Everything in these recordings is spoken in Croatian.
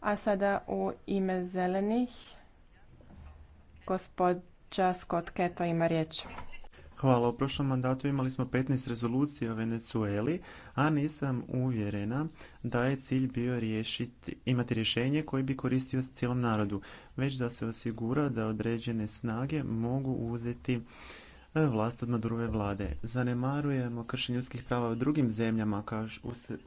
A sada u ime zelenih gospođa Scott Keto ima riječ. Hvala. U prošlom mandatu imali smo 15 rezolucija o Venezueli, a nisam uvjerena da je cilj bio riješiti, imati rješenje koje bi koristio cijelom narodu, već da se osigura da određene snage mogu uzeti E, vlast od Madurove vlade. Zanemarujemo kršenje ljudskih prava u drugim zemljama kao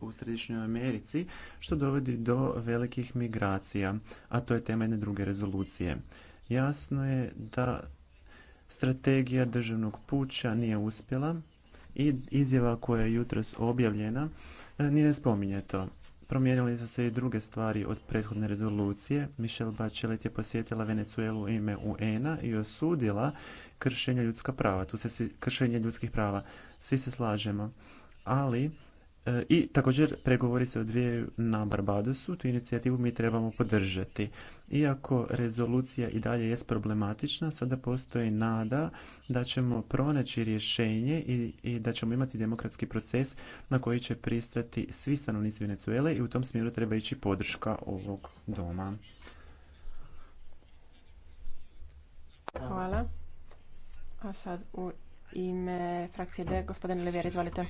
u Središnjoj Americi, što dovodi do velikih migracija, a to je tema jedne druge rezolucije. Jasno je da strategija državnog puća nije uspjela i izjava koja je jutros objavljena e, ni ne spominje to. Promijenili su se i druge stvari od prethodne rezolucije. Michelle Bachelet je posjetila Venezuelu ime un i osudila kršenja ljudska prava, tu se svi, kršenje ljudskih prava, svi se slažemo, ali e, i također pregovori se odvijaju na Barbadosu, tu inicijativu mi trebamo podržati. Iako rezolucija i dalje jest problematična, sada postoji nada da ćemo pronaći rješenje i, i da ćemo imati demokratski proces na koji će pristati svi stanovnici Venezuele i u tom smjeru treba ići podrška ovog doma. Hvala. A sad u ime frakcije D, gospodin Levier, izvolite.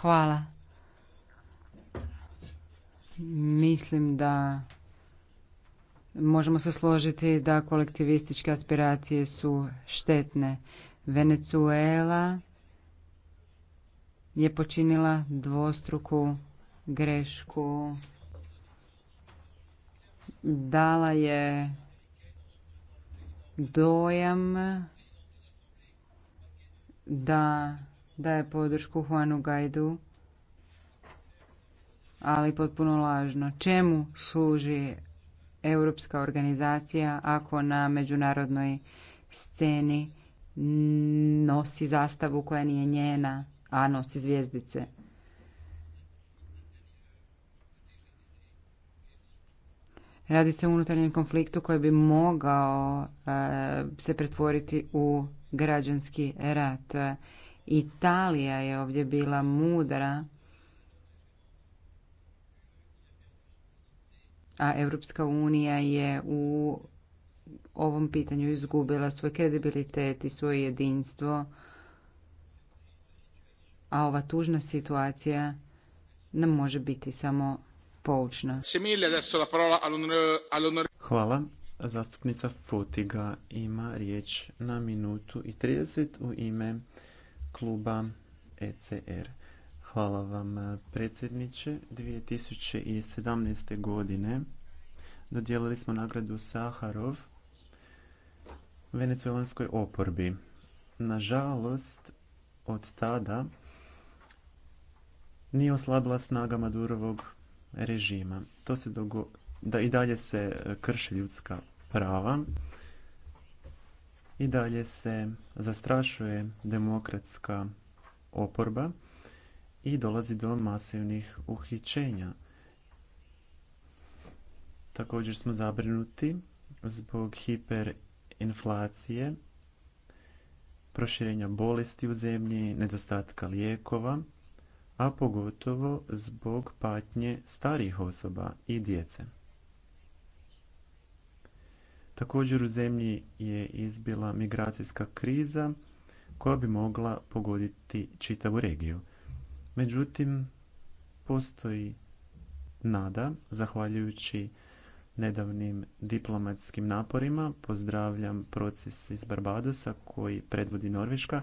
Hvala. Mislim da možemo se složiti da kolektivističke aspiracije su štetne. Venezuela je počinila dvostruku grešku. Dala je dojam da daje podršku Juanu Gajdu, ali potpuno lažno. Čemu služi europska organizacija ako na međunarodnoj sceni nosi zastavu koja nije njena, a nosi zvijezdice? Radi se o unutarnjem konfliktu koji bi mogao e, se pretvoriti u građanski rat. Italija je ovdje bila mudra, a Europska unija je u ovom pitanju izgubila svoj kredibilitet i svoje jedinstvo, a ova tužna situacija nam može biti samo poučna. Hvala. Zastupnica Fotiga ima riječ na minutu i 30 u ime kluba ECR. Hvala vam predsjedniče. 2017. godine dodijelili smo nagradu Saharov venecuelanskoj oporbi. Nažalost, od tada nije oslabila snaga Madurovog režima. To se da i dalje se e, krše ljudska prava i dalje se zastrašuje demokratska oporba i dolazi do masivnih uhićenja. Također smo zabrinuti zbog hiperinflacije, proširenja bolesti u zemlji, nedostatka lijekova a pogotovo zbog patnje starijih osoba i djece. Također u zemlji je izbila migracijska kriza koja bi mogla pogoditi čitavu regiju. Međutim, postoji nada, zahvaljujući nedavnim diplomatskim naporima, pozdravljam proces iz Barbadosa koji predvodi Norveška,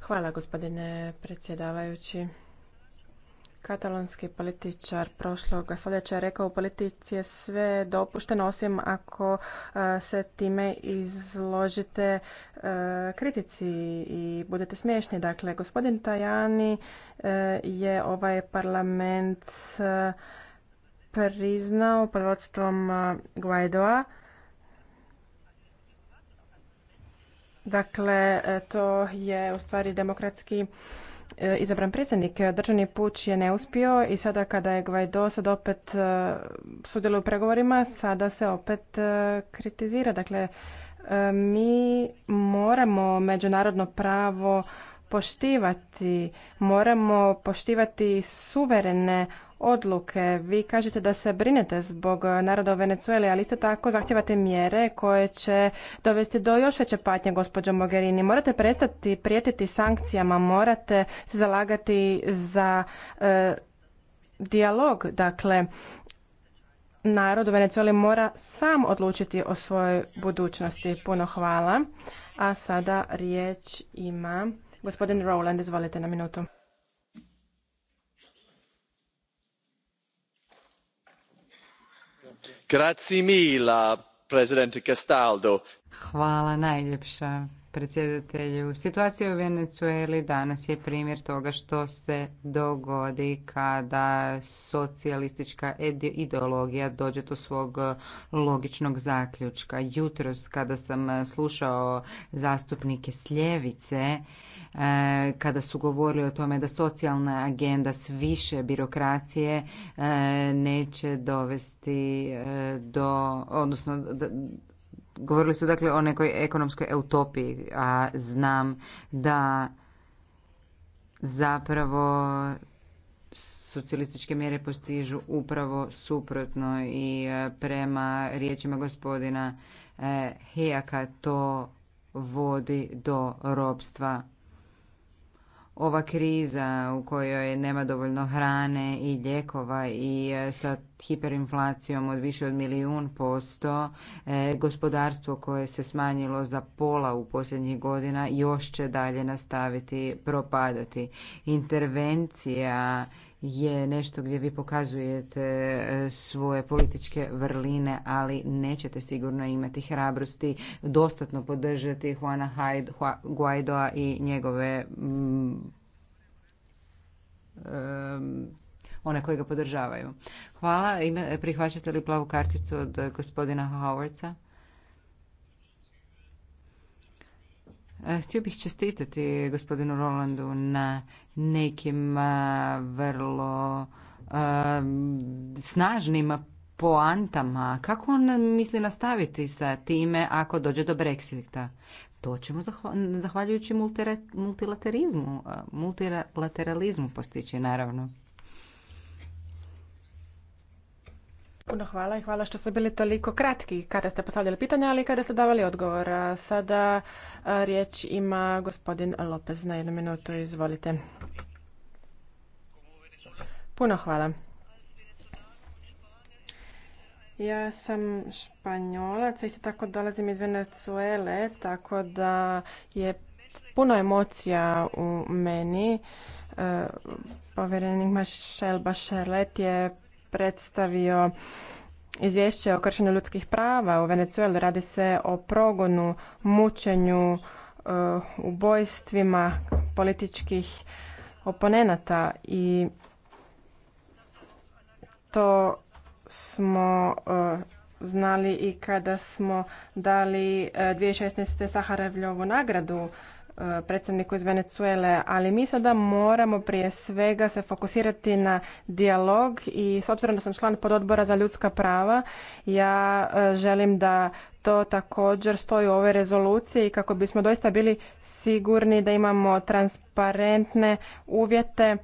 Hvala gospodine predsjedavajući. Katalonski političar prošlog stoljeća je rekao u politici je sve dopušteno osim ako e, se time izložite e, kritici i budete smiješni. Dakle, gospodin Tajani e, je ovaj parlament priznao vodstvom Guaidoa Dakle, e, to je u stvari demokratski e, izabran predsjednik. Državni puć je neuspio i sada kada je Guaido sad opet e, sudjeluje u pregovorima, sada se opet kritizira. Dakle, mi moramo međunarodno pravo poštivati, moramo poštivati suverene odluke. Vi kažete da se brinete zbog naroda u Venezueli, ali isto tako zahtjevate mjere koje će dovesti do još veće patnje, gospođo Mogherini. Morate prestati prijetiti sankcijama, morate se zalagati za e, dijalog. Dakle, narod u Venezueli mora sam odlučiti o svojoj budućnosti. Puno hvala. A sada riječ ima gospodin Rowland. Izvolite na minutu. Hvala najljepša predsjedatelju. Situacija u Venezueli danas je primjer toga što se dogodi kada socijalistička ideologija dođe do svog e, logičnog zaključka. Jutros kada sam e, slušao zastupnike s ljevice, E, kada su govorili o tome da socijalna agenda s više birokracije e, neće dovesti e, do, odnosno govorili su dakle o nekoj ekonomskoj utopiji, a znam da zapravo socijalističke mjere postižu upravo suprotno i prema riječima gospodina Hejaka to vodi do robstva ova kriza u kojoj nema dovoljno hrane i ljekova i e, sa hiperinflacijom od više od milijun posto, e, gospodarstvo koje se smanjilo za pola u posljednjih godina još će dalje nastaviti propadati. Intervencija je nešto gdje vi pokazujete e, svoje političke vrline, ali nećete sigurno imati hrabrosti dostatno podržati Juana Guaidoa i njegove mm, e, one koji ga podržavaju. Hvala. Prihvaćate li plavu karticu od gospodina Howardsa? Htio bih čestitati gospodinu Rolandu na nekim vrlo snažnim poantama. Kako on misli nastaviti sa time ako dođe do Brexita? To ćemo zahvaljujući multilaterizmu, multilateralizmu postići naravno. Puno hvala i hvala što ste bili toliko kratki kada ste postavljali pitanja, ali i kada ste davali odgovor. Sada riječ ima gospodin Lopez na jednu minutu. Izvolite. Puno hvala. Ja sam španjolac, isto tako dolazim iz Venezuele, tako da je puno emocija u meni. E, povjerenik Mašel Bašelet je predstavio izvješće o kršenju ljudskih prava u Venezueli. Radi se o progonu, mučenju, eh, ubojstvima političkih oponenata i to smo eh, znali i kada smo dali 2016. Eh, Saharevljovu nagradu Eh, predsjedniku iz Venezuele, ali mi sada moramo prije svega se fokusirati na dijalog i s obzirom da sam član pododbora za ljudska prava, ja eh, želim da to također stoji u ovoj rezoluciji kako bismo doista bili sigurni da imamo transparentne uvjete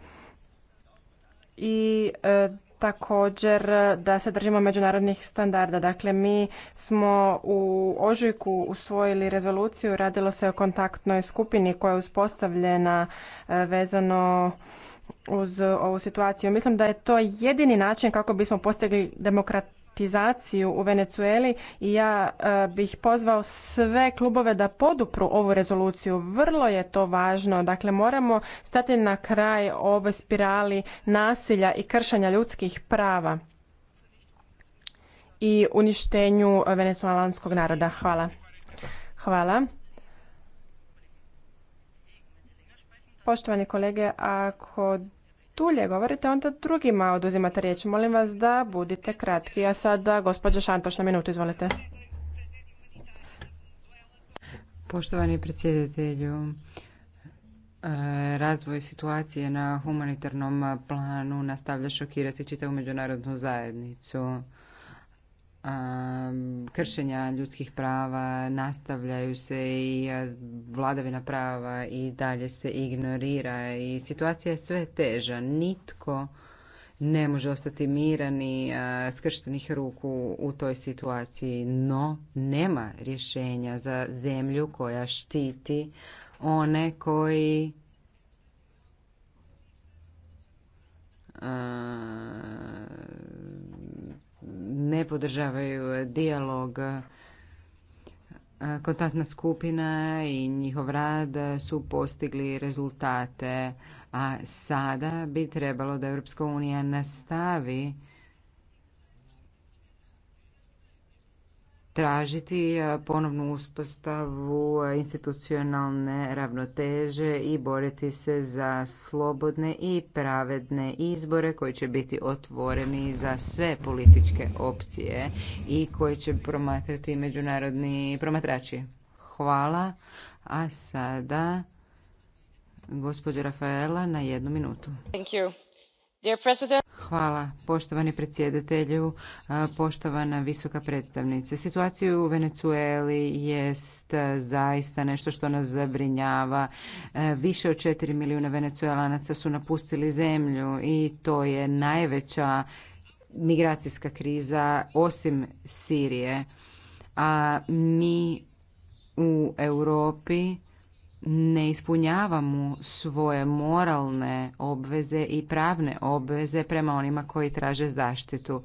i eh, također da se držimo međunarodnih standarda. Dakle, mi smo u ožujku usvojili rezoluciju, radilo se o kontaktnoj skupini koja je uspostavljena e, vezano uz ovu situaciju. Mislim da je to jedini način kako bismo postigli demokrat demokratizaciju u Venecueli i ja e, bih pozvao sve klubove da podupru ovu rezoluciju. Vrlo je to važno. Dakle, moramo stati na kraj ove spirali nasilja i kršenja ljudskih prava i uništenju venezuelanskog naroda. Hvala. Hvala. Poštovani kolege, ako dulje govorite, onda drugima oduzimate riječ. Molim vas da budite kratki. A sada, gospođa Šantoš, na minutu, izvolite. Poštovani predsjedatelju, e, razvoj situacije na humanitarnom planu nastavlja šokirati čitavu međunarodnu zajednicu kršenja ljudskih prava nastavljaju se i vladavina prava i dalje se ignorira i situacija je sve teža. Nitko ne može ostati miran i skrštenih ruku u toj situaciji, no nema rješenja za zemlju koja štiti one koji ne podržavaju dijalog kontaktna skupina i njihov rad su postigli rezultate, a sada bi trebalo da Europska unija nastavi tražiti e, ponovnu uspostavu e, institucionalne ravnoteže i boriti se za slobodne i pravedne izbore koji će biti otvoreni za sve političke opcije i koji će promatrati međunarodni promatrači. Hvala. A sada gospođa Rafaela na jednu minutu. Hvala, poštovani predsjedatelju, poštovana visoka predstavnice. Situacija u Venecueli jest zaista nešto što nas zabrinjava. E, više od četiri milijuna venecuelanaca su napustili zemlju i to je najveća migracijska kriza osim Sirije. A mi u Europi ne ispunjavamo svoje moralne obveze i pravne obveze prema onima koji traže zaštitu.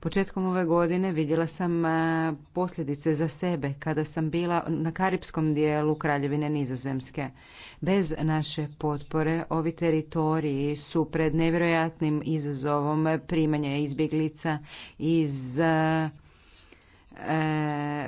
Početkom ove godine vidjela sam e, posljedice za sebe kada sam bila na karipskom dijelu Kraljevine Nizozemske. Bez naše potpore ovi teritoriji su pred nevjerojatnim izazovom primanja izbjeglica iz e,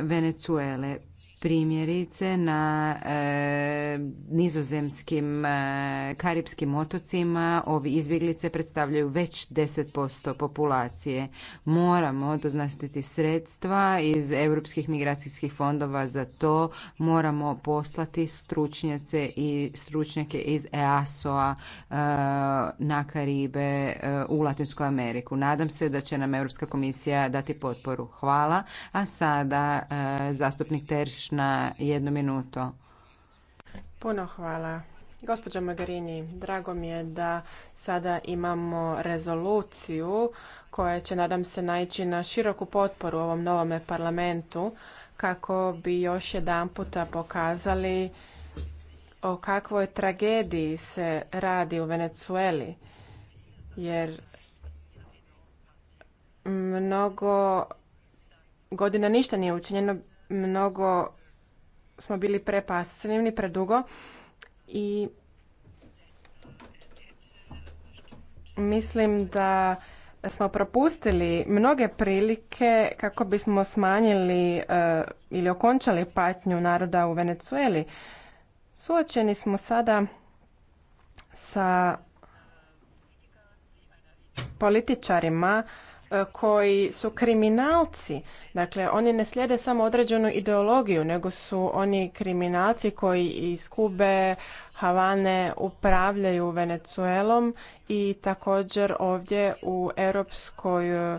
Venecuele primjerice na e, nizozemskim e, karipskim otocima ovi izbjeglice predstavljaju već 10% populacije moramo doznastiti sredstva iz europskih migracijskih fondova za to moramo poslati stručnjace i stručnjake iz EASO-a e, na Karibe e, u Latinsku Ameriku nadam se da će nam Europska komisija dati potporu hvala a sada zastupnik Terš na jednu minutu. Puno hvala. Gospođo Magarini, drago mi je da sada imamo rezoluciju koja će, nadam se, naići na široku potporu ovom novome parlamentu kako bi još jedan puta pokazali o kakvoj tragediji se radi u Venecueli. Jer mnogo godina ništa nije učinjeno, mnogo smo bili prepasivni, predugo i mislim da smo propustili mnoge prilike kako bismo smanjili eh, ili okončali patnju naroda u Venezueli. Suočeni smo sada sa političarima E, koji su kriminalci. Dakle, oni ne slijede samo određenu ideologiju, nego su oni kriminalci koji iz Kube, Havane upravljaju Venezuelom i također ovdje u Europskoj e,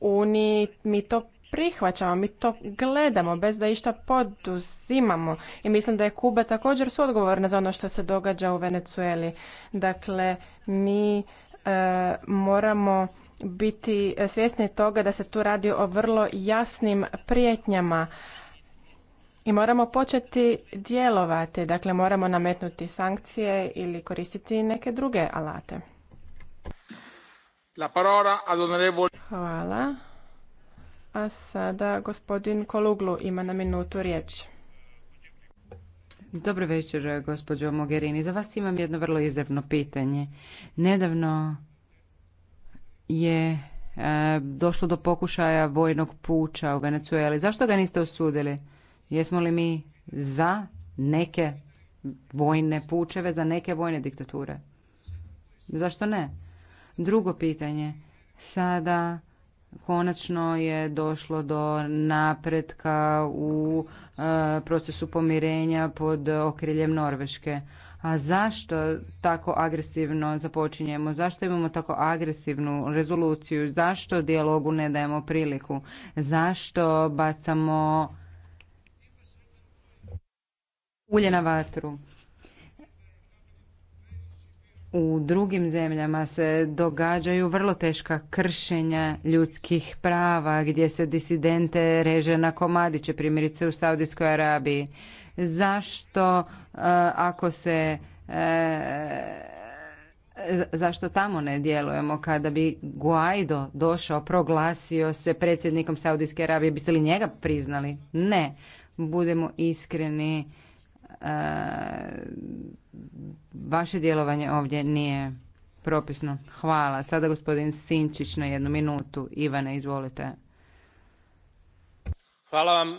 uniji mi to prihvaćamo, mi to gledamo bez da išta poduzimamo i mislim da je Kuba također suodgovorna za ono što se događa u Venezueli. Dakle, mi e, moramo biti svjesni toga da se tu radi o vrlo jasnim prijetnjama i moramo početi djelovati, dakle moramo nametnuti sankcije ili koristiti neke druge alate. La parola ad Hvala. A sada gospodin Koluglu ima na minutu riječ. Dobro večer, gospođo Mogherini. Za vas imam jedno vrlo izravno pitanje. Nedavno je e, došlo do pokušaja vojnog puča u Venecueli. Zašto ga niste osudili? Jesmo li mi za neke vojne pučeve, za neke vojne diktature? Zašto ne? Drugo pitanje. Sada konačno je došlo do napretka u e, procesu pomirenja pod okriljem Norveške. A zašto tako agresivno započinjemo? Zašto imamo tako agresivnu rezoluciju? Zašto dijalogu ne dajemo priliku? Zašto bacamo ulje na vatru? u drugim zemljama se događaju vrlo teška kršenja ljudskih prava gdje se disidente reže na komadiće primjerice u Saudijskoj Arabiji zašto Eh, ako se eh, zašto tamo ne djelujemo kada bi Guaido došao, proglasio se predsjednikom Saudijske Arabije, biste li njega priznali? Ne. Budemo iskreni, eh, vaše djelovanje ovdje nije propisno. Hvala. Sada gospodin Sinčić na jednu minutu. Ivane, izvolite. Hvala vam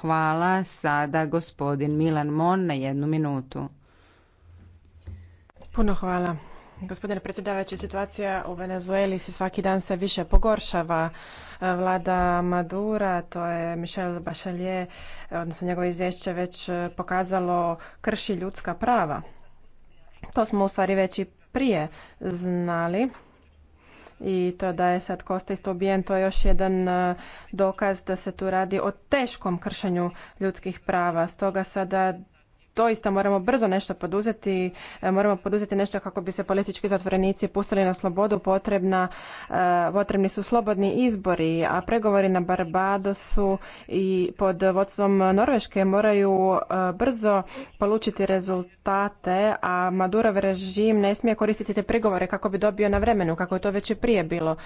Hvala. Sada gospodin Milan Mon na jednu minutu. Puno hvala. Gospodine predsjedavajući, situacija u Venezueli se svaki dan se više pogoršava. Vlada Madura, to je Michel Bachelet, odnosno njegovo izvješće već pokazalo krši ljudska prava. To smo u stvari već i prije znali i to da je sad Kosta istobijen, to je još jedan e, dokaz da se tu radi o teškom kršenju ljudskih prava. Stoga sada doista moramo brzo nešto poduzeti, e, moramo poduzeti nešto kako bi se politički zatvorenici pustili na slobodu, potrebna, e, potrebni su slobodni izbori, a pregovori na Barbadosu i pod vodstvom Norveške moraju e, brzo polučiti rezultate, a Madurov režim ne smije koristiti te pregovore kako bi dobio na vremenu, kako je to već i prije bilo.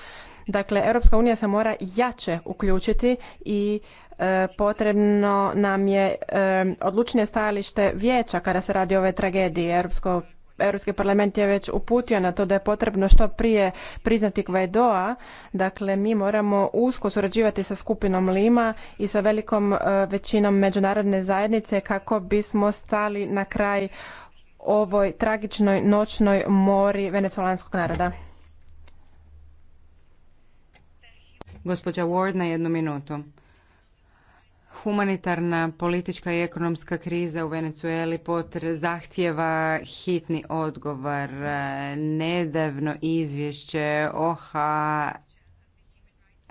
Dakle, Europska unija se mora jače uključiti i E, potrebno nam je e, odlučnije stajalište vijeća kada se radi o ovoj tragediji Europski parlament je već uputio na to da je potrebno što prije priznati Gvajdoa. Dakle, mi moramo usko surađivati sa skupinom Lima i sa velikom e, većinom međunarodne zajednice kako bismo stali na kraj ovoj tragičnoj noćnoj mori venecolanskog naroda. Gospođa Ward na jednu minutu. Humanitarna, politička i ekonomska kriza u Venezueli potr zahtjeva hitni odgovor. Nedavno izvješće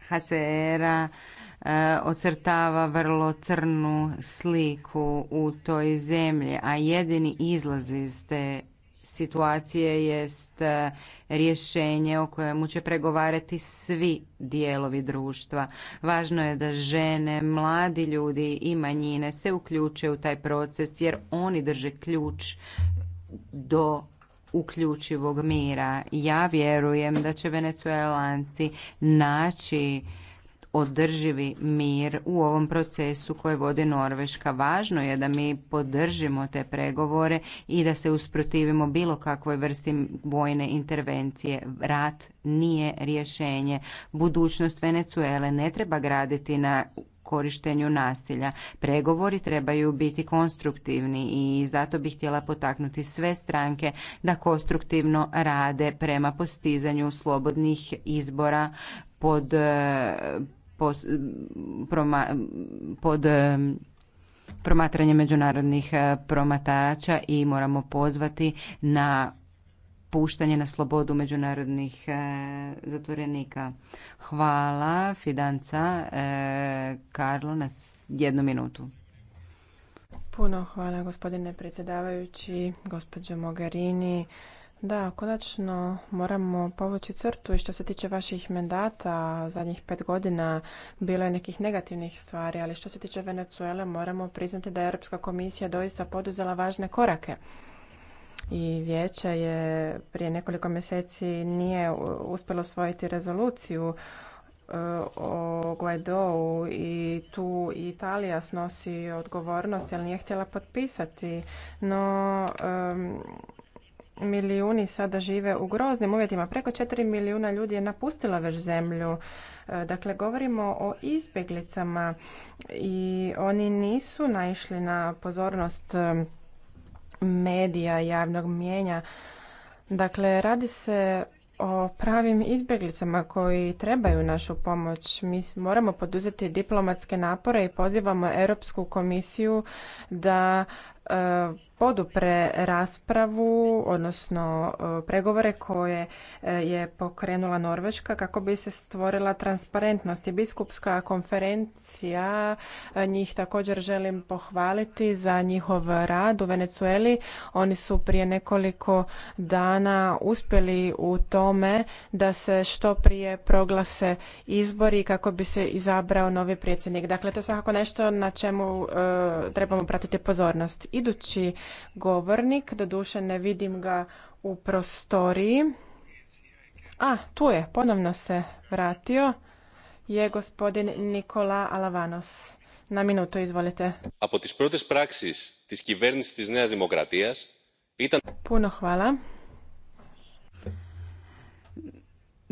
hcr a eh, ocrtava vrlo crnu sliku u toj zemlji, a jedini izlaz iz te situacije jest e, rješenje o kojemu će pregovarati svi dijelovi društva. Važno je da žene, mladi ljudi i manjine se uključe u taj proces jer oni drže ključ do uključivog mira. Ja vjerujem da će venecuelanci naći održivi mir u ovom procesu koje vodi Norveška. Važno je da mi podržimo te pregovore i da se usprotivimo bilo kakvoj vrsti vojne intervencije. Rat nije rješenje. Budućnost Venecuele ne treba graditi na korištenju nasilja. Pregovori trebaju biti konstruktivni i zato bih htjela potaknuti sve stranke da konstruktivno rade prema postizanju slobodnih izbora pod pos, pod promatranje međunarodnih eh, promatarača i moramo pozvati na puštanje na slobodu međunarodnih eh, zatvorenika. Hvala Fidanca eh, Karlo na jednu minutu. Puno hvala gospodine predsjedavajući, gospođo Mogarini. Da, konačno moramo povući crtu i što se tiče vaših mandata zadnjih pet godina bilo je nekih negativnih stvari, ali što se tiče Venezuele moramo priznati da je Europska komisija doista poduzela važne korake i vijeće je prije nekoliko mjeseci nije uspjelo usvojiti rezoluciju e, o Guaidou i tu Italija snosi odgovornost jer nije htjela potpisati. No, milijuni sada žive u groznim uvjetima. Preko 4 milijuna ljudi je napustila već zemlju. E, dakle, govorimo o izbjeglicama i oni nisu naišli na pozornost e, medija javnog mijenja. Dakle, radi se o pravim izbjeglicama koji trebaju našu pomoć. Mi moramo poduzeti diplomatske napore i pozivamo Europsku komisiju da E, podupre raspravu, odnosno e, pregovore koje e, je pokrenula Norveška kako bi se stvorila transparentnost. I biskupska konferencija, njih također želim pohvaliti za njihov rad u Venecueli. Oni su prije nekoliko dana uspjeli u tome da se što prije proglase izbori kako bi se izabrao novi predsjednik. Dakle, to je svakako nešto na čemu trebamo pratiti pozornost idući govornik, doduše ne vidim ga u prostoriji. A, tu je, ponovno se vratio, je gospodin Nikola Alavanos. Na minuto izvolite. Puno hvala.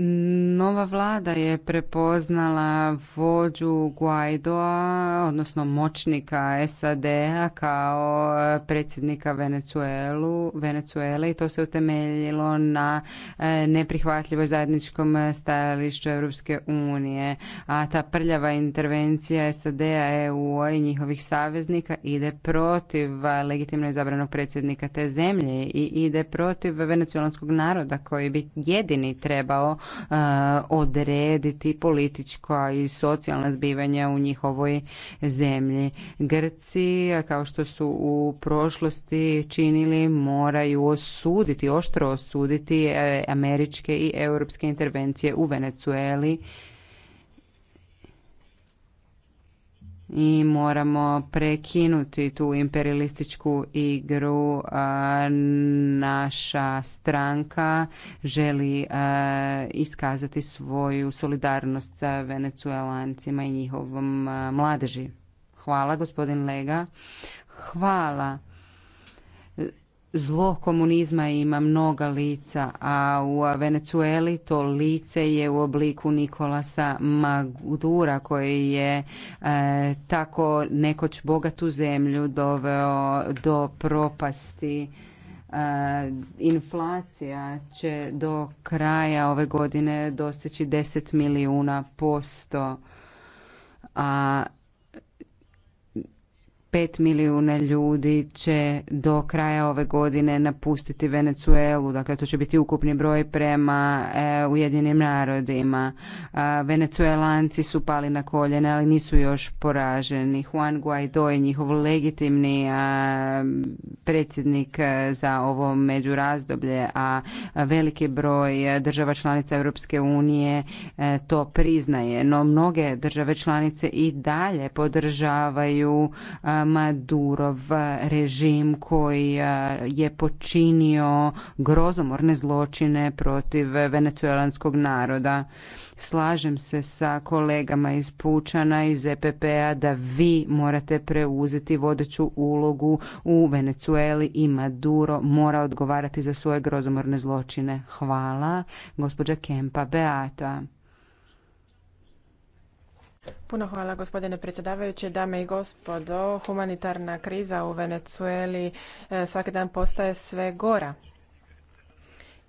Nova vlada je prepoznala vođu Guaidoa, odnosno moćnika SAD-a kao eh, predsjednika Venezuelu Venecuele i to se utemeljilo na eh, neprihvatljivoj zajedničkom eh, stajalištu Europske unije. A ta prljava intervencija SAD-a, EU i njihovih saveznika ide protiv legitimno izabranog predsjednika te zemlje i ide protiv venecuelanskog naroda koji bi jedini trebao E, odrediti politička i socijalna zbivanja u njihovoj zemlji. Grci, kao što su u prošlosti činili, moraju osuditi, oštro osuditi e, američke i europske intervencije u Venecueli i moramo prekinuti tu imperialističku igru. Naša stranka želi iskazati svoju solidarnost sa venecuelancima i njihovom mladeži. Hvala gospodin Lega. Hvala. Zlo komunizma ima mnoga lica, a u Venecueli to lice je u obliku Nikolasa Magdura koji je e, tako nekoć bogatu zemlju doveo do propasti. E, inflacija će do kraja ove godine doseći 10 milijuna posto, a Pet milijuna ljudi će do kraja ove godine napustiti Venecuelu. Dakle, to će biti ukupni broj prema e, Ujedinim narodima. E, Venezuelanci Venecuelanci su pali na koljene, ali nisu još poraženi. Juan Guaido je njihov legitimni e, predsjednik e, za ovo međurazdoblje, a veliki broj država članica Europske unije to priznaje. No, mnoge države članice i dalje podržavaju Madurov režim koji e, je počinio grozomorne zločine protiv venecuelanskog naroda. Slažem se sa kolegama iz Pučana, iz EPP-a da vi morate preuzeti vodeću ulogu u Venecueli i Maduro mora odgovarati za svoje grozomorne zločine. Hvala, gospođa Kempa Beata. Puno hvala gospodine predsjedavajući, dame i gospodo. Humanitarna kriza u Venezueli e, svaki dan postaje sve gora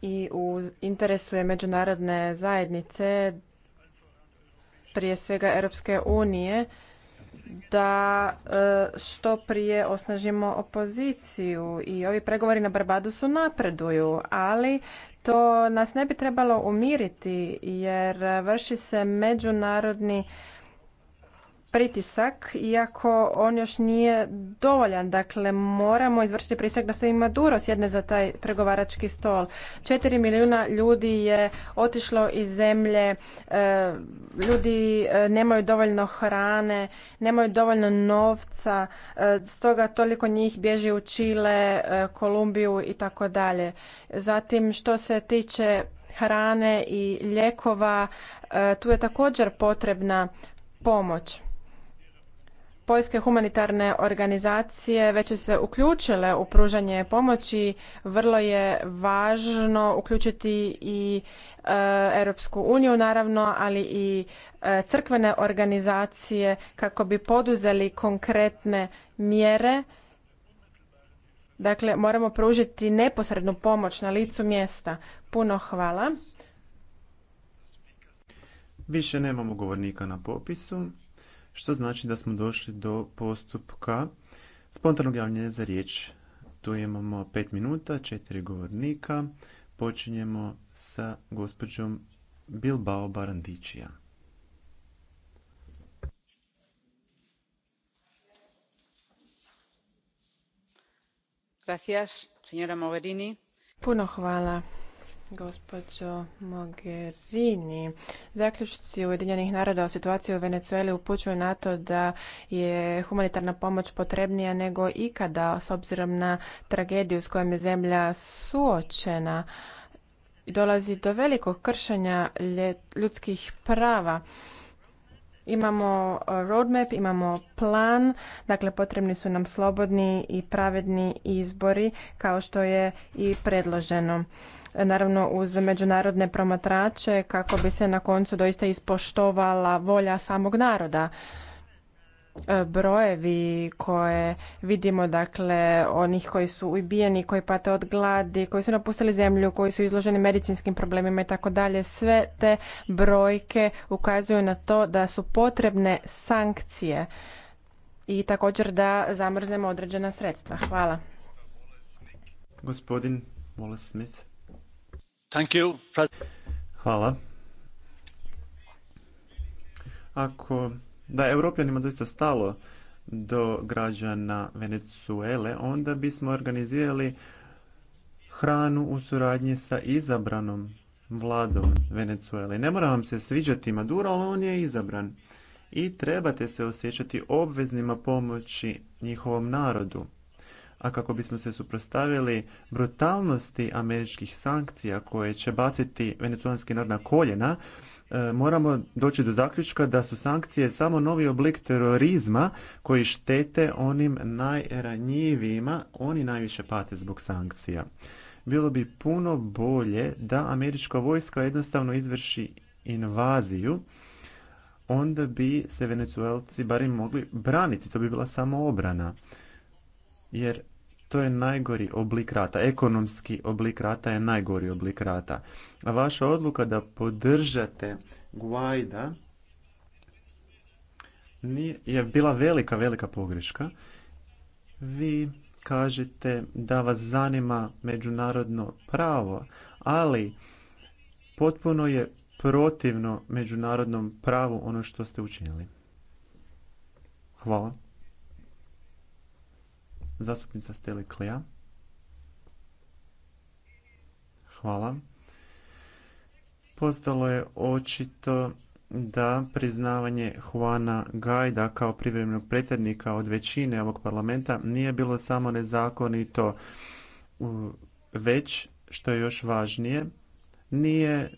i u interesu je međunarodne zajednice, prije svega Europske unije, da e, što prije osnažimo opoziciju i ovi pregovori na su napreduju, ali to nas ne bi trebalo umiriti jer vrši se međunarodni pritisak, iako on još nije dovoljan. Dakle, moramo izvršiti pritisak da se ima maduro sjedne za taj pregovarački stol. Četiri milijuna ljudi je otišlo iz zemlje, e, ljudi e, nemaju dovoljno hrane, nemaju dovoljno novca, e, stoga toliko njih bježi u Čile, Kolumbiju i tako dalje. Zatim, što se tiče hrane i lijekova, tu je također potrebna pomoć. Poljske humanitarne organizacije već su se uključile u pružanje pomoći. Vrlo je važno uključiti i e, Europsku uniju naravno, ali i e, crkvene organizacije kako bi poduzeli konkretne mjere. Dakle, moramo pružiti neposrednu pomoć na licu mjesta. Puno hvala. Više nemamo govornika na popisu što znači da smo došli do postupka spontanog javljanja za riječ. Tu imamo pet minuta, četiri govornika. Počinjemo sa gospođom Bilbao Barandićija. Puno hvala Gospođo Mogherini, zaključci Ujedinjenih naroda o situaciji u Venezueli upućuju na to da je humanitarna pomoć potrebnija nego ikada s obzirom na tragediju s kojom je zemlja suočena. Dolazi do velikog kršenja ljudskih prava. Imamo e, roadmap, imamo plan, dakle potrebni su nam slobodni i pravedni izbori kao što je i predloženo naravno uz međunarodne promatrače kako bi se na koncu doista ispoštovala volja samog naroda e, brojevi koje vidimo, dakle, onih koji su ubijeni, koji pate od gladi, koji su napustili zemlju, koji su izloženi medicinskim problemima i tako dalje, sve te brojke ukazuju na to da su potrebne sankcije i također da zamrznemo određena sredstva. Hvala. Gospodin Smith. Thank Hvala. Ako da je Europljanima doista stalo do građana Venezuele, onda bismo organizirali hranu u suradnji sa izabranom vladom Venezuele. Ne mora vam se sviđati Maduro, ali on je izabran. I trebate se osjećati obveznima pomoći njihovom narodu a kako bismo se suprotstavili brutalnosti američkih sankcija koje će baciti venezuelanski narod na koljena, e, moramo doći do zaključka da su sankcije samo novi oblik terorizma koji štete onim najranjivijima, oni najviše pate zbog sankcija. Bilo bi puno bolje da američka vojska jednostavno izvrši invaziju, onda bi se venecuelci barem mogli braniti, to bi bila samo obrana. Jer to je najgori oblik rata ekonomski oblik rata je najgori oblik rata a vaša odluka da podržate guaida je bila velika velika pogreška vi kažete da vas zanima međunarodno pravo ali potpuno je protivno međunarodnom pravu ono što ste učinili hvala Zastupnica Steli Klija. Hvala. Postalo je očito da priznavanje Juana Gajda kao privremenog predsjednika od većine ovog parlamenta nije bilo samo nezakonito već, što je još važnije, nije,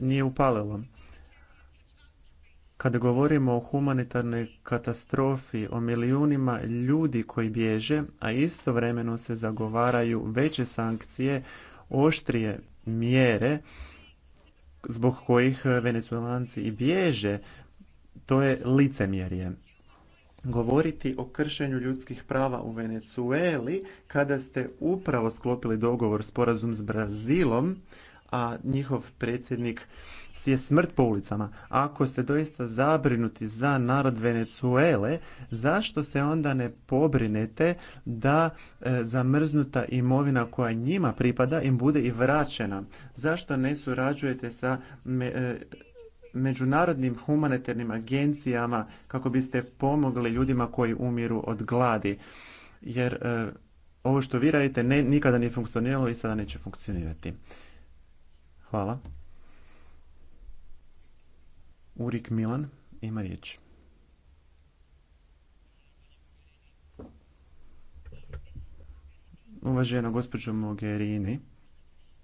nije upalilo. Kada govorimo o humanitarnoj katastrofi, o milijunima ljudi koji bježe, a istovremeno se zagovaraju veće sankcije, oštrije mjere zbog kojih venezuelanci i bježe, to je licemjerje. Govoriti o kršenju ljudskih prava u Venezueli kada ste upravo sklopili dogovor sporazum s Brazilom, a njihov predsjednik je smrt po ulicama. Ako ste doista zabrinuti za narod Venecuele, zašto se onda ne pobrinete da e, zamrznuta imovina koja njima pripada im bude i vraćena? Zašto ne surađujete sa e, međunarodnim humanitarnim agencijama kako biste pomogli ljudima koji umiru od gladi? Jer e, ovo što vi radite ne, nikada nije funkcioniralo i sada neće funkcionirati. Hvala. Urik Milan ima riječ. Uvažena gospođo Mogherini,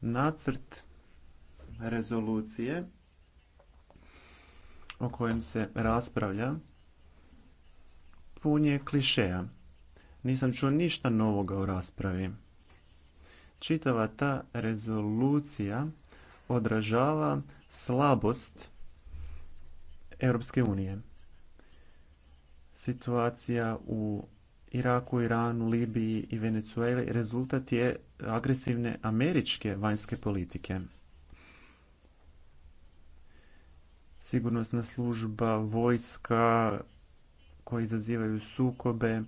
nacrt rezolucije o kojem se raspravlja pun je klišeja. Nisam čuo ništa novoga u raspravi. Čitava ta rezolucija odražava slabost Europske unije. Situacija u Iraku, Iranu, Libiji i Venezueli rezultat je agresivne američke vanjske politike. Sigurnosna služba, vojska koji izazivaju sukobe,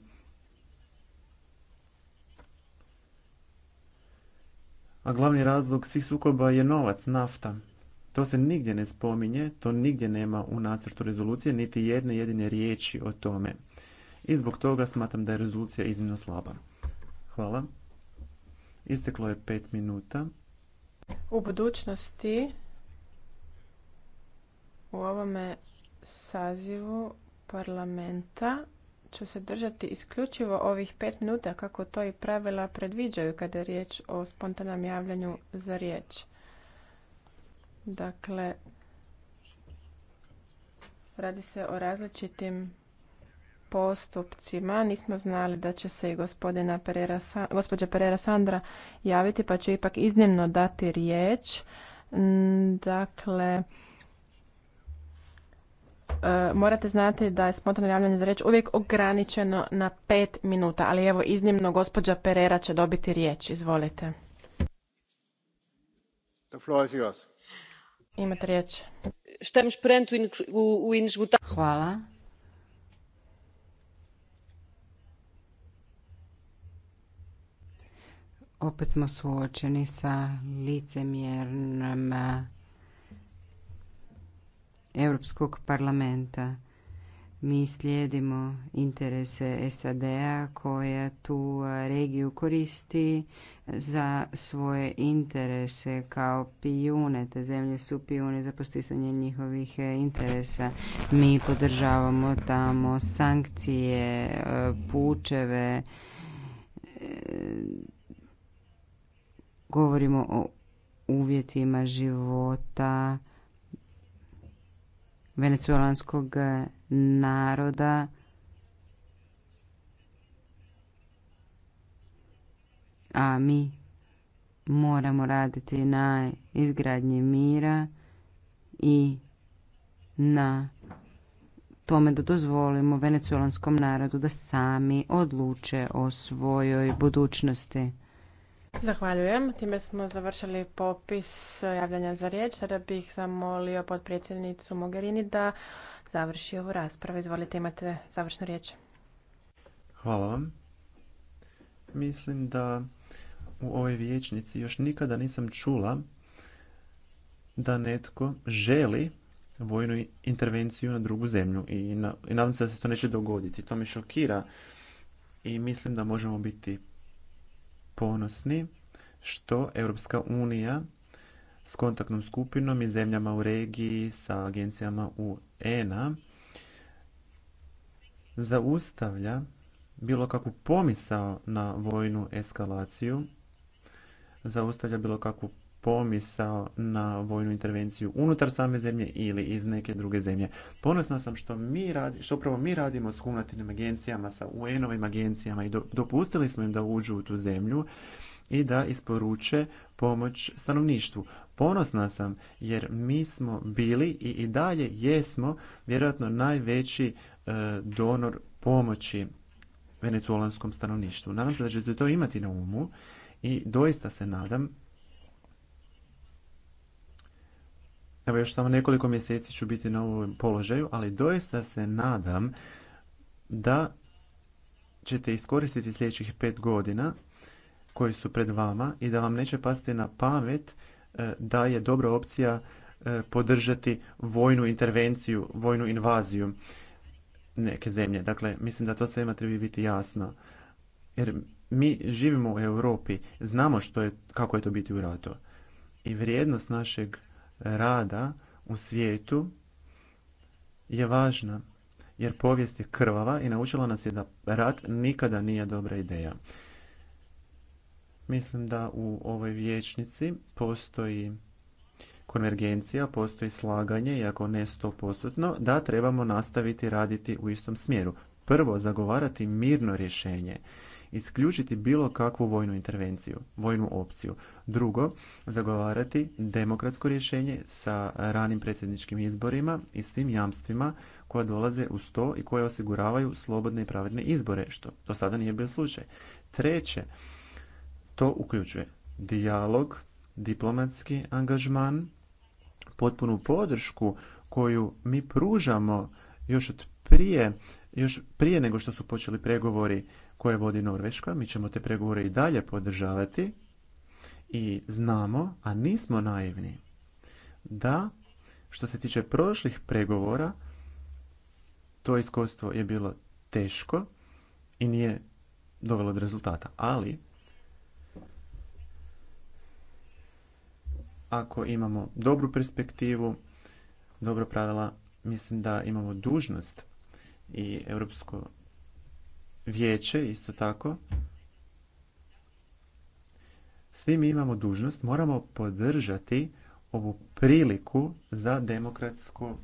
a glavni razlog svih sukoba je novac, nafta. To se nigdje ne spominje, to nigdje nema u nacrtu rezolucije, niti jedne jedine riječi o tome. I zbog toga smatram da je rezolucija iznimno slaba. Hvala. Isteklo je pet minuta. U budućnosti u ovome sazivu parlamenta ću se držati isključivo ovih pet minuta kako to i pravila predviđaju kada je riječ o spontanom javljanju za riječ. Dakle, radi se o različitim postupcima. Nismo znali da će se i gospodina gospođa Perera Sandra javiti, pa će ipak iznimno dati riječ. Dakle, E, morate znati da je spontano javljanje za riječ uvijek ograničeno na pet minuta, ali evo iznimno gospođa Perera će dobiti riječ. Izvolite. The floor is yours. Imate riječ. Hvala. Opet smo suočeni sa licemjernom Europskog parlamenta. Mi slijedimo interese SAD-a koja tu regiju koristi za svoje interese kao pijune. Te zemlje su pijune za postisanje njihovih e, interesa. Mi podržavamo tamo sankcije, e, pučeve. E, govorimo o uvjetima života venecuelanskog e, naroda a mi moramo raditi na izgradnji mira i na tome da dozvolimo venecuelanskom narodu da sami odluče o svojoj budućnosti Zahvaljujem. Time smo završili popis e, javljanja za riječ. Sada bih zamolio potpredsjednicu Mogherini da završi ovu raspravu. Izvolite, imate završnu riječ. Hvala vam. Mislim da u ovoj vijećnici još nikada nisam čula da netko želi vojnu intervenciju na drugu zemlju i, na, i nadam se da se to neće dogoditi. To me šokira i mislim da možemo biti ponosni što europska unija s kontaktnom skupinom i zemljama u regiji sa agencijama un-a zaustavlja bilo kakvu pomisao na vojnu eskalaciju zaustavlja bilo kakvu pomisao na vojnu intervenciju unutar same zemlje ili iz neke druge zemlje. Ponosna sam što mi radi, što upravo mi radimo s humanitarnim agencijama, sa UN-ovim agencijama i dopustili smo im da uđu u tu zemlju i da isporuče pomoć stanovništvu. Ponosna sam jer mi smo bili i i dalje jesmo vjerojatno najveći e, donor pomoći venecuolanskom stanovništvu. Nadam se da ćete to imati na umu i doista se nadam Evo još samo nekoliko mjeseci ću biti na ovom položaju, ali doista se nadam da ćete iskoristiti sljedećih pet godina koji su pred vama i da vam neće pasti na pamet e, da je dobra opcija e, podržati vojnu intervenciju, vojnu invaziju neke zemlje. Dakle, mislim da to svema treba biti jasno. Jer mi živimo u Europi, znamo što je, kako je to biti u ratu. I vrijednost našeg rada u svijetu je važna jer povijest je krvava i naučila nas je da rat nikada nije dobra ideja. Mislim da u ovoj vijećnici postoji konvergencija, postoji slaganje, iako ne stopostotno, da trebamo nastaviti raditi u istom smjeru. Prvo, zagovarati mirno rješenje isključiti bilo kakvu vojnu intervenciju, vojnu opciju. Drugo, zagovarati demokratsko rješenje sa ranim predsjedničkim izborima i svim jamstvima koja dolaze uz to i koje osiguravaju slobodne i pravedne izbore, što do sada nije bio slučaj. Treće, to uključuje dijalog, diplomatski angažman, potpunu podršku koju mi pružamo još od prije, još prije nego što su počeli pregovori koje vodi Norveška. Mi ćemo te pregovore i dalje podržavati i znamo, a nismo naivni, da što se tiče prošlih pregovora, to iskustvo je bilo teško i nije dovelo do rezultata. Ali, ako imamo dobru perspektivu, dobro pravila, mislim da imamo dužnost i Europsko vijeće isto tako svi mi imamo dužnost moramo podržati ovu priliku za demokratsku,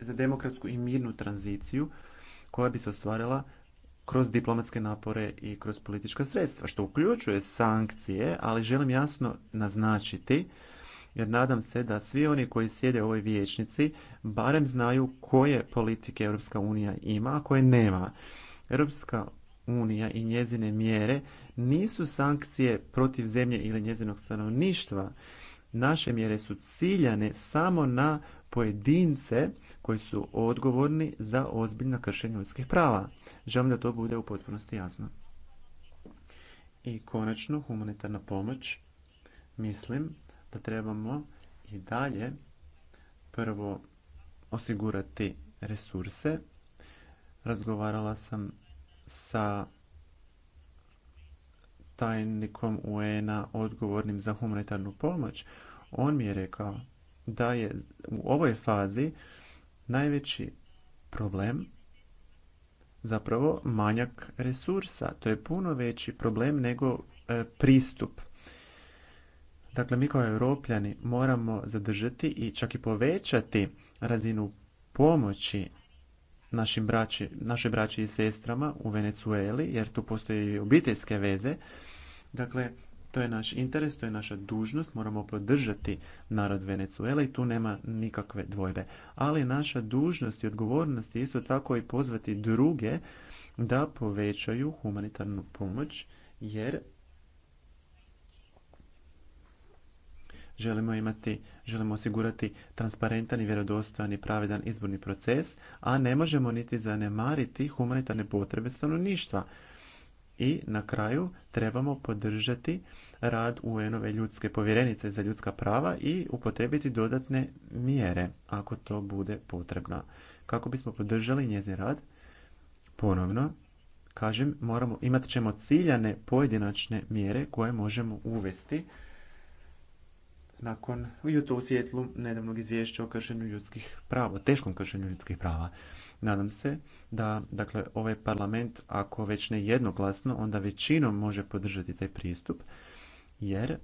za demokratsku i mirnu tranziciju koja bi se ostvarila kroz diplomatske napore i kroz politička sredstva što uključuje sankcije ali želim jasno naznačiti jer nadam se da svi oni koji sjede u ovoj vijećnici barem znaju koje politike Europska unija ima, a koje nema. Europska unija i njezine mjere nisu sankcije protiv zemlje ili njezinog stanovništva. Naše mjere su ciljane samo na pojedince koji su odgovorni za ozbiljna kršenja ljudskih prava. Želim da to bude u potpunosti jasno. I konačno, humanitarna pomoć. Mislim da trebamo i dalje prvo osigurati resurse. Razgovarala sam sa tajnikom UN-a odgovornim za humanitarnu pomoć, on mi je rekao da je u ovoj fazi najveći problem zapravo manjak resursa. To je puno veći problem nego e, pristup. Dakle, mi kao europljani moramo zadržati i čak i povećati razinu pomoći našim braći, braći i sestrama u Venecueli, jer tu postoje obiteljske veze. Dakle, to je naš interes, to je naša dužnost, moramo podržati narod Venecuela i tu nema nikakve dvojbe. Ali naša dužnost i odgovornost je isto tako i pozvati druge da povećaju humanitarnu pomoć, jer Želimo imati, želimo osigurati transparentan i vjerodostojan i pravedan izborni proces, a ne možemo niti zanemariti humanitarne potrebe stanovništva. I na kraju trebamo podržati rad UN-ove ljudske povjerenice za ljudska prava i upotrebiti dodatne mjere ako to bude potrebno. Kako bismo podržali njezin rad, ponovno kažem, moramo, imat ćemo ciljane pojedinačne mjere koje možemo uvesti nakon u u svjetlu nedavnog izvješća o kršenju ljudskih prava, teškom kršenju ljudskih prava. Nadam se da dakle, ovaj parlament, ako već ne jednoglasno, onda većinom može podržati taj pristup, jer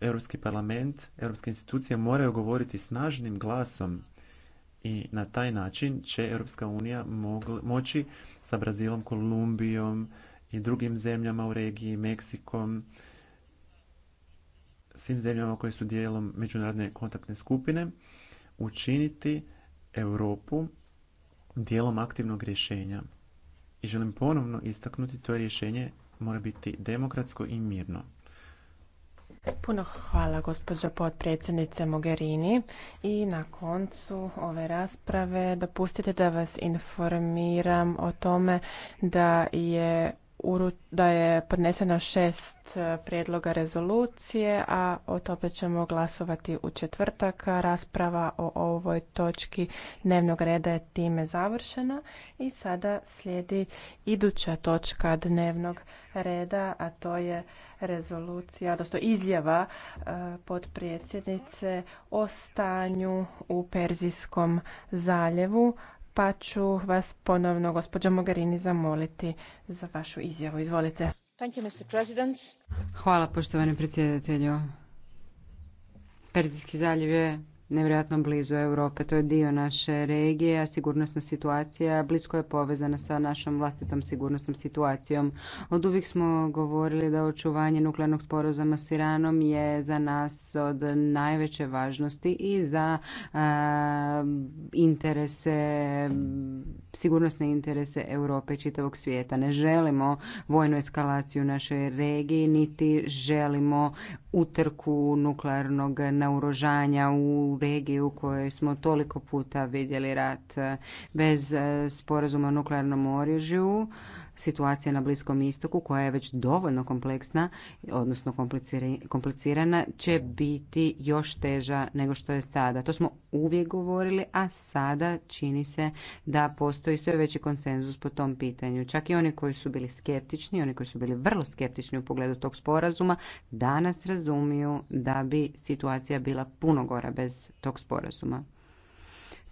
Europski parlament, Europske institucije moraju govoriti snažnim glasom i na taj način će Europska unija moći sa Brazilom, Kolumbijom i drugim zemljama u regiji, Meksikom, svim zemljama koje su dijelom međunarodne kontaktne skupine učiniti Europu dijelom aktivnog rješenja. I želim ponovno istaknuti to rješenje mora biti demokratsko i mirno. Puno hvala gospođo potpredsjednice Mogherini i na koncu ove rasprave dopustite da vas informiram o tome da je da je podneseno šest e, prijedloga rezolucije, a o tome ćemo glasovati u četvrtak. Rasprava o ovoj točki dnevnog reda je time završena i sada slijedi iduća točka dnevnog reda, a to je rezolucija, odnosno izjava e, potpredsjednice o stanju u Perzijskom zaljevu pa ću vas ponovno, gospođo Mogherini, zamoliti za vašu izjavu. Izvolite. Thank you, Mr. Hvala, poštovani predsjedatelju. Perzijski zaljev je nevjerojatno blizu Europe. To je dio naše regije, a sigurnosna situacija blisko je povezana sa našom vlastitom sigurnosnom situacijom. Od uvijek smo govorili da očuvanje nuklearnog sporazuma s Iranom je za nas od najveće važnosti i za interese, sigurnosne interese Europe i čitavog svijeta. Ne želimo vojnu eskalaciju u našoj regiji, niti želimo utrku nuklearnog naurožanja u regiju u kojoj smo toliko puta vidjeli rat eh, bez eh, sporazuma o nuklearnom oružju situacija na Bliskom istoku koja je već dovoljno kompleksna, odnosno komplicirana, će biti još teža nego što je sada. To smo uvijek govorili, a sada čini se da postoji sve veći konsenzus po tom pitanju. Čak i oni koji su bili skeptični, oni koji su bili vrlo skeptični u pogledu tog sporazuma, danas razumiju da bi situacija bila puno gora bez tog sporazuma.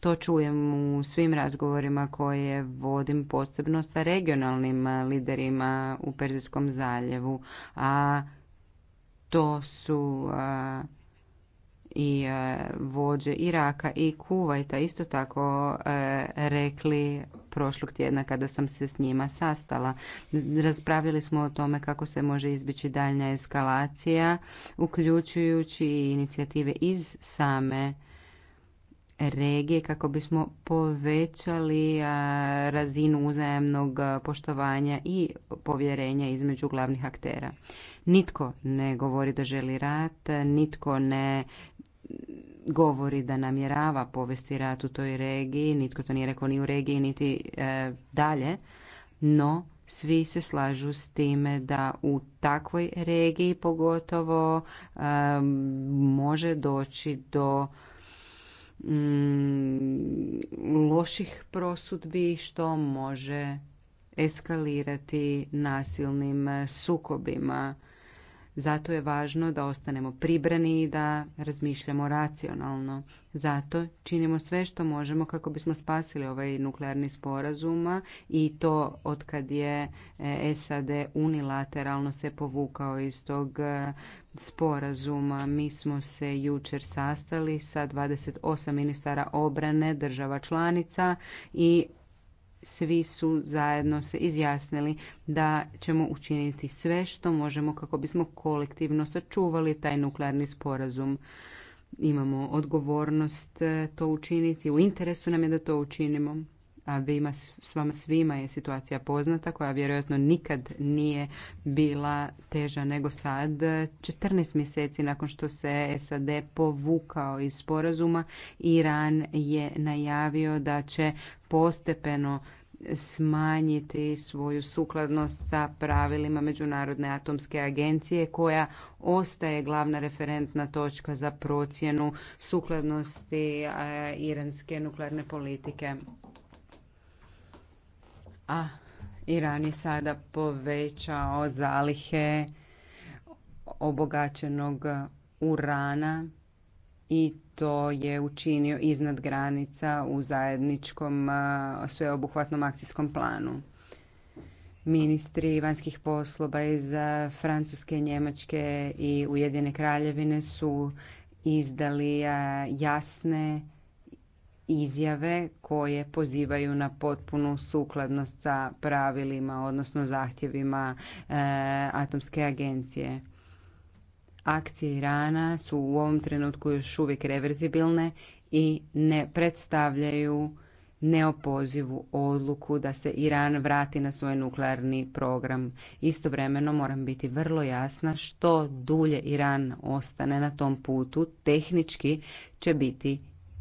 To čujem u svim razgovorima koje vodim posebno sa regionalnim liderima u Perzijskom zaljevu, a to su i vođe Iraka i Kuvajta isto tako e, rekli prošlog tjedna kada sam se s njima sastala. Raspravili smo o tome kako se može izbjeći daljnja eskalacija, uključujući inicijative iz same regije kako bismo povećali razinu uzajemnog poštovanja i povjerenja između glavnih aktera. Nitko ne govori da želi rat, nitko ne govori da namjerava povesti rat u toj regiji, nitko to nije rekao ni u regiji niti e, dalje, no svi se slažu s time da u takvoj regiji pogotovo može doći do Mm, loših prosudbi što može eskalirati nasilnim sukobima. Zato je važno da ostanemo pribrani i da razmišljamo racionalno. Zato činimo sve što možemo kako bismo spasili ovaj nuklearni sporazuma i to od kad je e, SAD unilateralno se povukao iz tog e, sporazuma. Mi smo se jučer sastali sa 28 ministara obrane država članica i svi su zajedno se izjasnili da ćemo učiniti sve što možemo kako bismo kolektivno sačuvali taj nuklearni sporazum. Imamo odgovornost to učiniti, u interesu nam je da to učinimo. Vima, s vama svima je situacija poznata koja vjerojatno nikad nije bila teža nego sad. 14 mjeseci nakon što se SAD povukao iz sporazuma, Iran je najavio da će postepeno smanjiti svoju sukladnost sa pravilima Međunarodne atomske agencije koja ostaje glavna referentna točka za procjenu sukladnosti e, iranske nuklearne politike a Iran je sada povećao zalihe obogaćenog urana i to je učinio iznad granica u zajedničkom sveobuhvatnom akcijskom planu. Ministri vanjskih poslova iz Francuske, Njemačke i Ujedine kraljevine su izdali jasne izjave koje pozivaju na potpunu sukladnost sa pravilima, odnosno zahtjevima e, atomske agencije. Akcije Irana su u ovom trenutku još uvijek reverzibilne i ne predstavljaju neopozivu odluku da se Iran vrati na svoj nuklearni program. Istovremeno moram biti vrlo jasna što dulje Iran ostane na tom putu, tehnički će biti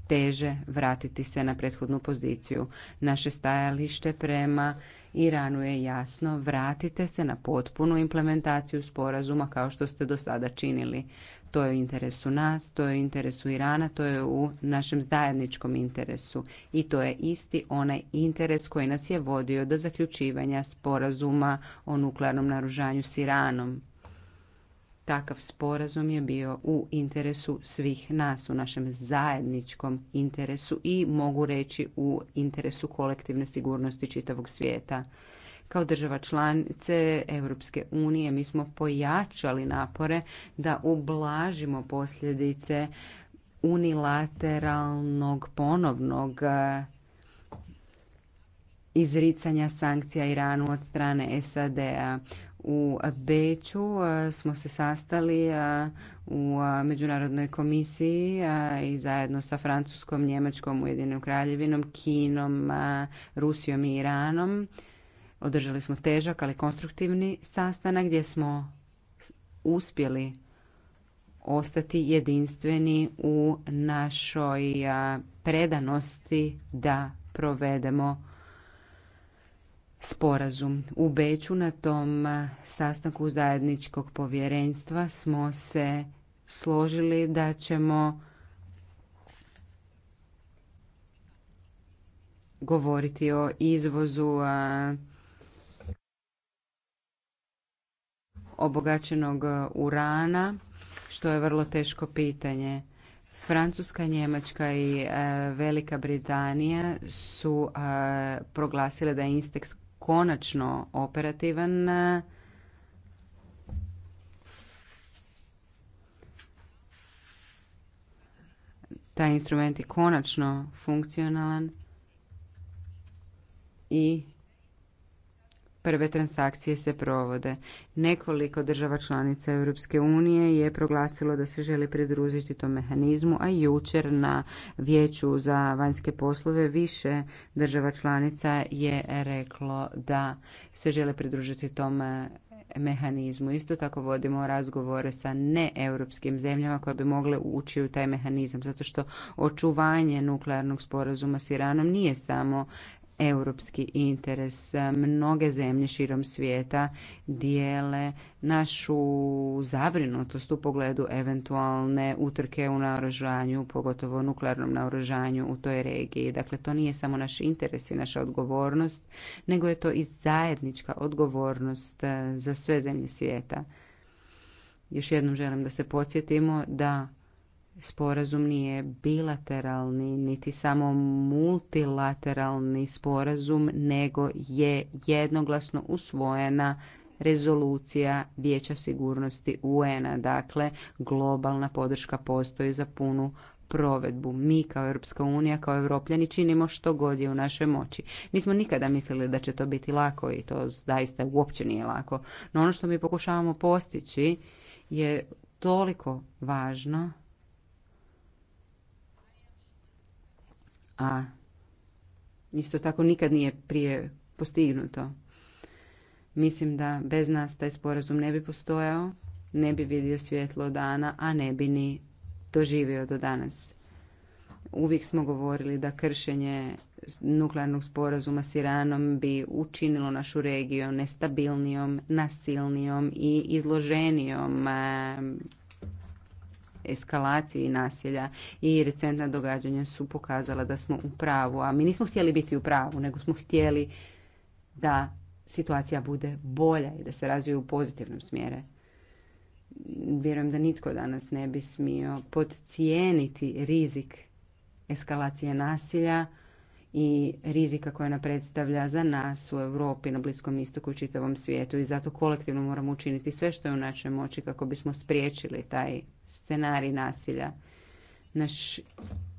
teže vratiti se na prethodnu poziciju. Naše stajalište prema Iranu je jasno, vratite se na potpunu implementaciju sporazuma kao što ste do sada činili. To je u interesu nas, to je u interesu Irana, to je u našem zajedničkom interesu. I to je isti onaj interes koji nas je vodio do zaključivanja sporazuma o nuklearnom naružanju s Iranom. Takav sporazum je bio u interesu svih nas, u našem zajedničkom interesu i mogu reći u interesu kolektivne sigurnosti čitavog svijeta. Kao država članice Europske unije mi smo pojačali napore da ublažimo posljedice unilateralnog ponovnog eh, izricanja sankcija Iranu od strane SAD-a u Beću smo se sastali u Međunarodnoj komisiji i zajedno sa Francuskom, Njemačkom, Ujedinom Kraljevinom, Kinom, Rusijom i Iranom. Održali smo težak, ali konstruktivni sastanak gdje smo uspjeli ostati jedinstveni u našoj predanosti da provedemo sporazum. U Beću na tom sastanku zajedničkog povjerenstva smo se složili da ćemo govoriti o izvozu obogačenog urana, što je vrlo teško pitanje. Francuska, Njemačka i Velika Britanija su proglasile da je konačno operativan taj instrument je konačno funkcionalan i prve transakcije se provode. Nekoliko država članica Europske unije je proglasilo da se želi pridružiti tom mehanizmu, a jučer na vijeću za vanjske poslove više država članica je reklo da se žele pridružiti tom e, mehanizmu. Isto tako vodimo razgovore sa neeuropskim zemljama koje bi mogle ući u taj mehanizam, zato što očuvanje nuklearnog sporazuma s Iranom nije samo europski interes. Mnoge zemlje širom svijeta dijele našu zabrinutost u pogledu eventualne utrke u naoružanju, pogotovo nuklearnom naoružanju u toj regiji. Dakle, to nije samo naš interes i naša odgovornost, nego je to i zajednička odgovornost eh, za sve zemlje svijeta. Još jednom želim da se podsjetimo da sporazum nije bilateralni niti samo multilateralni sporazum nego je jednoglasno usvojena rezolucija Vijeća sigurnosti UN-a. Dakle, globalna podrška postoji za punu provedbu. Mi kao Europska unija, kao evropljani, činimo što god je u našoj moći. Nismo nikada mislili da će to biti lako i to zaista uopće nije lako. No ono što mi pokušavamo postići je toliko važno a isto tako nikad nije prije postignuto. Mislim da bez nas taj sporazum ne bi postojao, ne bi vidio svjetlo dana, a ne bi ni doživio do danas. Uvijek smo govorili da kršenje nuklearnog sporazuma s Iranom bi učinilo našu regiju nestabilnijom, nasilnijom i izloženijom eskalaciji nasilja i recentna događanja su pokazala da smo u pravu, a mi nismo htjeli biti u pravu, nego smo htjeli da situacija bude bolja i da se razviju u pozitivnom smjeru. Vjerujem da nitko danas ne bi smio podcijeniti rizik eskalacije nasilja i rizika koja nam predstavlja za nas u Europi, na Bliskom istoku i čitavom svijetu. I zato kolektivno moramo učiniti sve što je u našoj moći kako bismo spriječili taj scenarij nasilja. Naš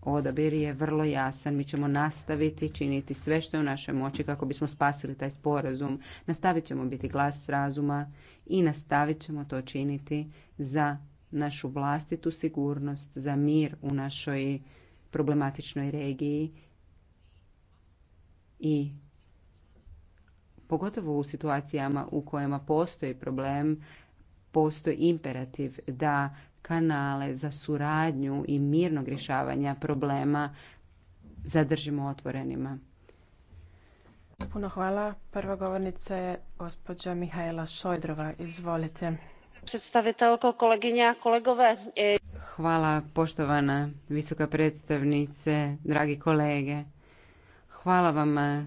odabir je vrlo jasan. Mi ćemo nastaviti činiti sve što je u našoj moći kako bismo spasili taj sporazum. Nastavit ćemo biti glas razuma i nastavit ćemo to činiti za našu vlastitu sigurnost, za mir u našoj problematičnoj regiji i pogotovo u situacijama u kojima postoji problem, postoji imperativ da kanale za suradnju i mirnog rješavanja problema zadržimo otvorenima. Puno hvala. Prva govornica je gospođa Mihajla Šojdrova. Izvolite. Predstavitelko, koleginja, kolegove. E, hvala poštovana visoka predstavnice, dragi kolege. Hvala vam, eh,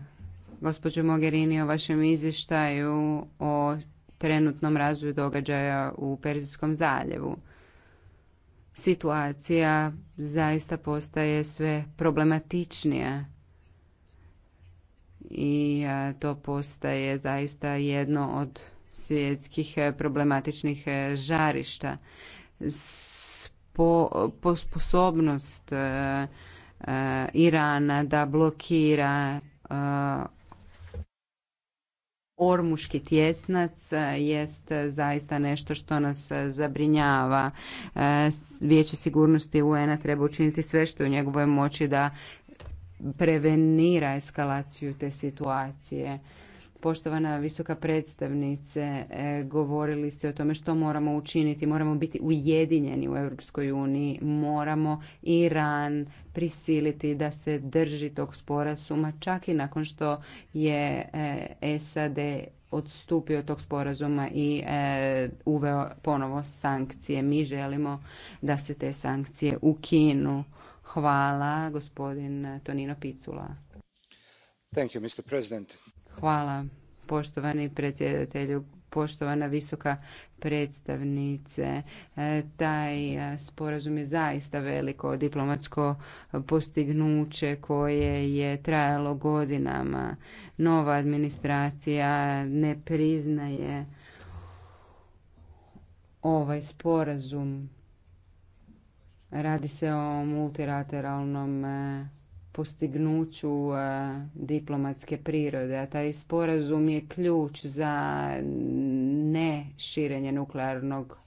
gospođo Mogherini, o vašem izvještaju o trenutnom razvoju događaja u Perzijskom zaljevu. Situacija zaista postaje sve problematičnija i eh, to postaje zaista jedno od svjetskih eh, problematičnih žarišta. Sposobnost sposobnost Eh, Irana da blokira eh, Ormuški tjesnac eh, jest zaista nešto što nas zabrinjava. Vijeće sigurnosti UN-a treba učiniti sve što je u njegovoj moći da prevenira eskalaciju te situacije. Poštovana visoka predstavnice, e, govorili ste o tome što moramo učiniti. Moramo biti ujedinjeni u Europskoj uniji. Moramo Iran prisiliti da se drži tog sporazuma čak i nakon što je e, SAD odstupio od tog sporazuma i e, uveo ponovo sankcije. Mi želimo da se te sankcije ukinu. Hvala, gospodin Tonino Picula. Thank you, Mr. President. Hvala, poštovani predsjedatelju, poštovana visoka predstavnice. E, taj e, sporazum je zaista veliko diplomatsko postignuće koje je trajalo godinama. Nova administracija ne priznaje ovaj sporazum. Radi se o multilateralnom e, postignuću eh, diplomatske prirode, a taj sporazum je ključ za ne širenje nuklearnog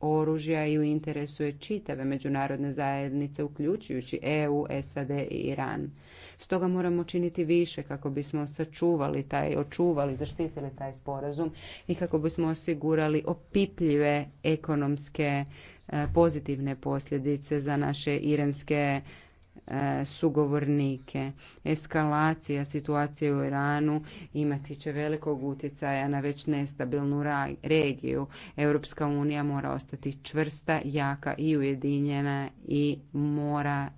oružja i u interesu je čitave međunarodne zajednice, uključujući EU, SAD i Iran. Stoga moramo činiti više kako bismo sačuvali taj, očuvali, zaštitili taj sporazum i kako bismo osigurali opipljive ekonomske eh, pozitivne posljedice za naše iranske E, sugovornike. Eskalacija situacije u Iranu imati će velikog utjecaja na već nestabilnu regiju. Europska unija mora ostati čvrsta, jaka i ujedinjena i mora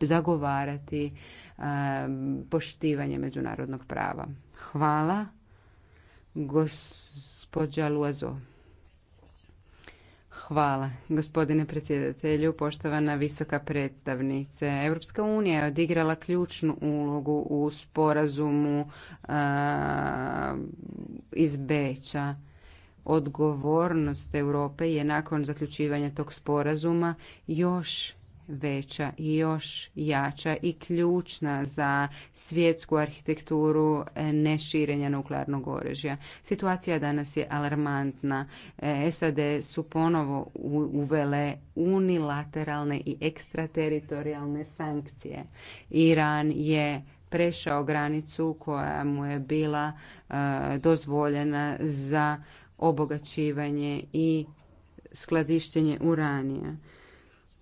zagovarati e, poštivanje međunarodnog prava. Hvala. Gospođa Luazo. Hvala, gospodine predsjedatelju, poštovana visoka predstavnice. Europska unija je odigrala ključnu ulogu u sporazumu iz Beča. Odgovornost Europe je nakon zaključivanja tog sporazuma još veća i još jača i ključna za svjetsku arhitekturu neširenja nuklearnog oružja. Situacija danas je alarmantna. E, SAD su ponovo uvele unilateralne i ekstrateritorijalne sankcije. Iran je prešao granicu koja mu je bila e, dozvoljena za obogaćivanje i skladištenje uranija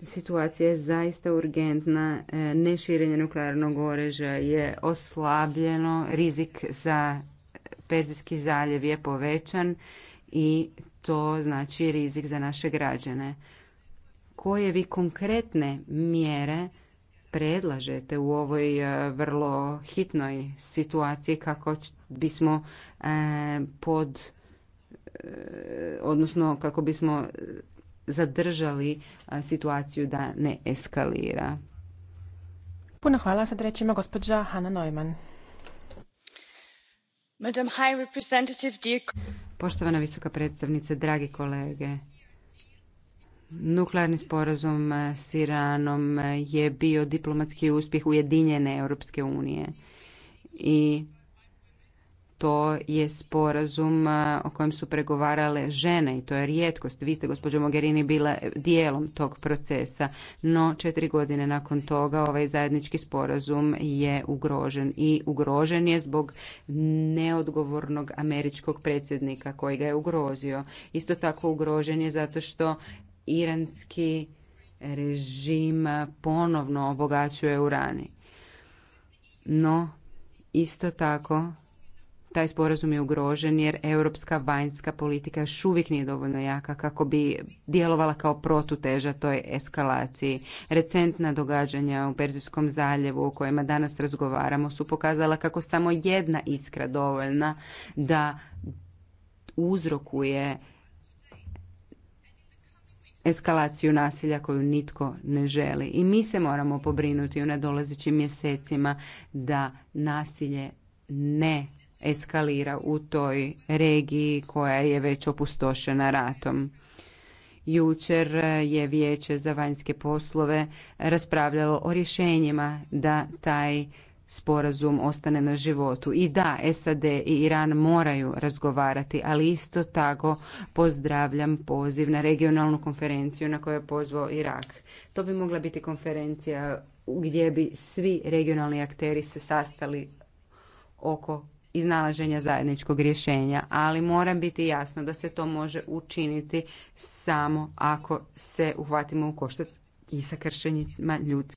situacija je zaista urgentna. E, neširenje nuklearnog oreža je oslabljeno, rizik za Perzijski zaljev je povećan i to znači rizik za naše građane. Koje vi konkretne mjere predlažete u ovoj e, vrlo hitnoj situaciji kako bismo e, pod odnosno kako bismo zadržali situaciju da ne eskalira. Puno hvala. Sad reći ima gospođa Hanna Neumann. Madam High Representative, dear... Poštovana visoka predstavnice, dragi kolege, Nuklearni sporazum s Iranom je bio diplomatski uspjeh Ujedinjene Europske unije i to je sporazum o kojem su pregovarale žene i to je rijetkost. Vi ste, gospođo Mogherini, bila dijelom tog procesa, no četiri godine nakon toga ovaj zajednički sporazum je ugrožen i ugrožen je zbog neodgovornog američkog predsjednika koji ga je ugrozio. Isto tako ugrožen je zato što iranski režim ponovno obogaćuje urani. No, isto tako taj sporazum je ugrožen jer europska vanjska politika još uvijek nije dovoljno jaka kako bi djelovala kao protuteža toj eskalaciji. Recentna događanja u Perzijskom zaljevu o kojima danas razgovaramo su pokazala kako samo jedna iskra dovoljna da uzrokuje eskalaciju nasilja koju nitko ne želi. I mi se moramo pobrinuti u nadolazećim mjesecima da nasilje ne eskalira u toj regiji koja je već opustošena ratom. Jučer je vijeće za vanjske poslove raspravljalo o rješenjima da taj sporazum ostane na životu. I da, SAD i Iran moraju razgovarati, ali isto tako pozdravljam poziv na regionalnu konferenciju na koju je pozvao Irak. To bi mogla biti konferencija gdje bi svi regionalni akteri se sastali oko iznalaženja zajedničkog rješenja, ali mora biti jasno da se to može učiniti samo ako se uhvatimo u koštac i sa kršenjima ljudskih